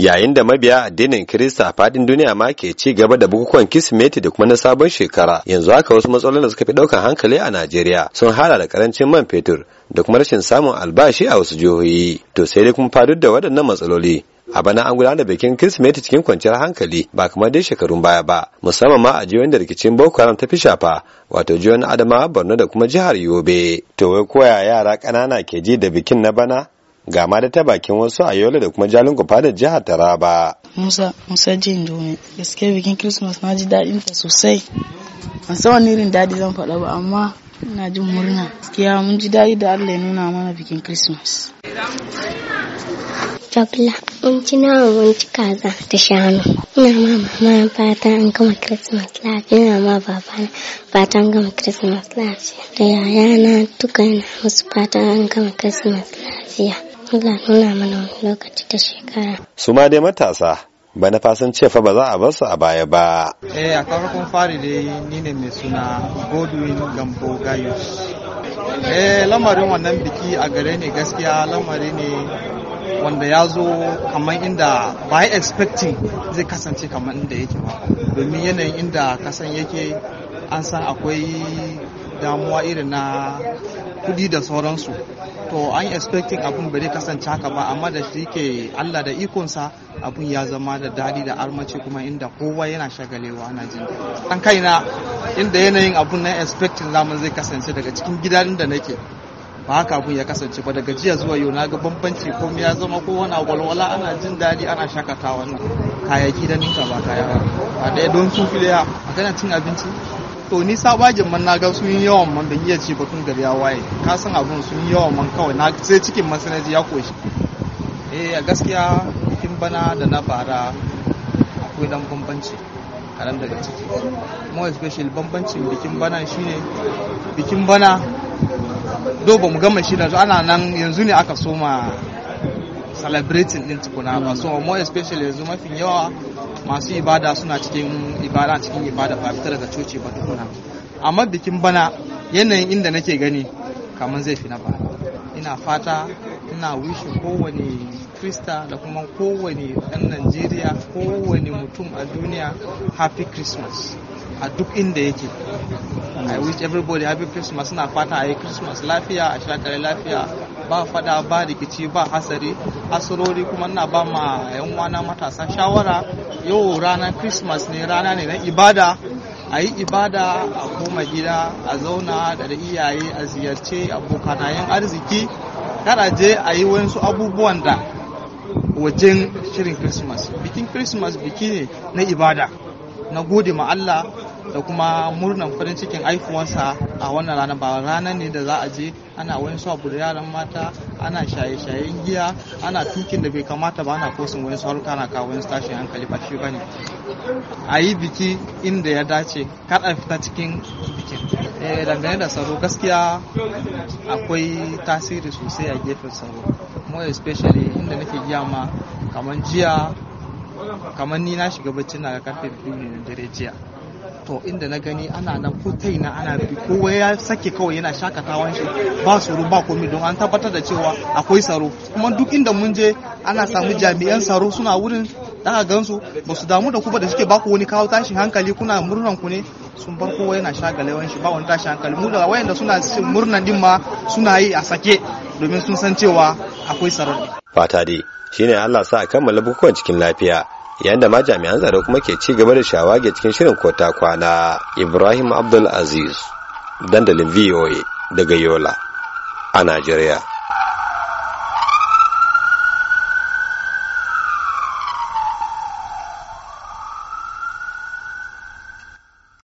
yayin da mabiya addinin Kirista a fadin duniya ma ke ci gaba da bukukuwan Kirsimeti da kuma na sabon shekara. Yanzu haka wasu matsalolin da suka fi daukan hankali a Najeriya sun hada da karancin man fetur da kuma rashin samun albashi a wasu jihohi. To sai dai kuma fadu da waɗannan matsaloli. a bana an gudanar da bikin kirsimeti cikin kwanciyar hankali ba kamar dai shekarun baya ba musamman ma a jihohin da rikicin boko haram ta fi shafa wato jihohin adamawa borno da kuma jihar yobe to wai koya yara ƙanana ke ji da bikin na bana ga ma da ta bakin wasu a yola da kuma jalin gufa da jihar taraba musa musa jin ne gaske bikin christmas na ji daɗin ta sosai a san wani irin daɗi zan faɗa ba amma ina jin murna gaskiya mun ji daɗi da allah ya nuna mana bikin christmas Sabla, mun ci nawa mun ci kaza ta shanu. Ina ma mama fata an gama Christmas lafiya, ina ma baba fata an gama Christmas lafiya. Da yayana tuka ina musu fata an gama Christmas lafiya. kula nuna mana lokaci ta shekara. Su ma dai matasa ba na fasan cefa ba za a bar su a baya ba. Eh a farkon fari dai ni ne mai suna Godwin Gambo Gayus. Eh lamarin wannan biki a gare ne gaskiya lamari ne wanda ya zo kamar inda "By expecting zai kasance kamar inda yake ba domin yanayin inda kasan yake an san akwai damuwa irin na kudi da sauransu to an expecting abun bai kasance haka ba amma da shi ke Allah da ikonsa abun ya zama da dadi da armaci kuma inda kowa yana shagalewa ana jin an kaina inda yanayin abun na expecting zaman zai kasance daga cikin gidan da nake ba haka abun ya kasance ba daga jiya zuwa yau na ga bambanci ko ya zama ko wani walwala ana jin dadi ana shakatawa nan kayaki da ninka ba kaya a ɗaya don tun filiya a cin abinci to ni sabagin man na ga sun yi yawan man ban iya ci ba tun gari ya waye ka san abun sun yi yawan man kawai na sai cikin man sanaji ya koshi eh a gaskiya kin bana da na bara akwai dan bambanci karan daga ciki mo especially bambancin bikin bana shine bikin bana do ba mu gama shi da ana nan yanzu ne aka soma celebrating din tukuna ba so mo especially yanzu mafi yawa masu ibada suna cikin ibada cikin ibada ba fita daga coci ba tukuna amma bikin bana yanayin inda nake gani kamar zai fi na ba ina fata ina wishi kowane krista da kuma kowane ɗan najeriya kowane mutum a duniya happy christmas a duk inda yake i wish everybody happy christmas ina fata a yi christmas lafiya a shakare lafiya ba fada ba rikici ba hasari hasarori kuma na ba ma yan wana matasa shawara yau rana christmas ne rana ne na ibada a yi ibada a koma gida a zauna da da iyaye a ziyarce abokanayen arziki kada je a yi wasu abubuwan da wajen shirin christmas bikin christmas biki ne na ibada na gode ma Allah da kuma murnan farin cikin aifuwansa a wannan ranar ba ranar ne da za a je ana wani sabu da yaran mata ana shaye-shayen giya ana tukin da bai kamata ba ana kosin wani harka na kawo wani tashin hankali ba shi bane a yi biki inda ya dace kar fita cikin bikin eh, dangane da tsaro gaskiya akwai tasiri sosai a gefen tsaro more especially inda nake giya ma kamar jiya kamar ni na shiga bacci na ga karfe biyu ne dare jiya to inda na gani ana nan kutai na ana bi kowa ya sake kawai yana shakatawan shi ba tsoro ba komai don an tabbatar da cewa akwai tsaro kuma duk inda mun je ana sami jami'an tsaro suna wurin da gansu ba su damu da ku ba da suke baku wani kawo tashin hankali kuna murnan ku ne sun bar kowa yana shagalewan shi ba wani tashi hankali mu da wayanda suna murnan din ma suna yi a sake domin sun san cewa akwai ne. fata dai shine Allah sa a kammala bukukuwan cikin lafiya yayin da ma jami'an tsaro kuma ke ci gaba da shawage cikin shirin kota kwana ibrahim abdul aziz dandalin voa daga yola a najeriya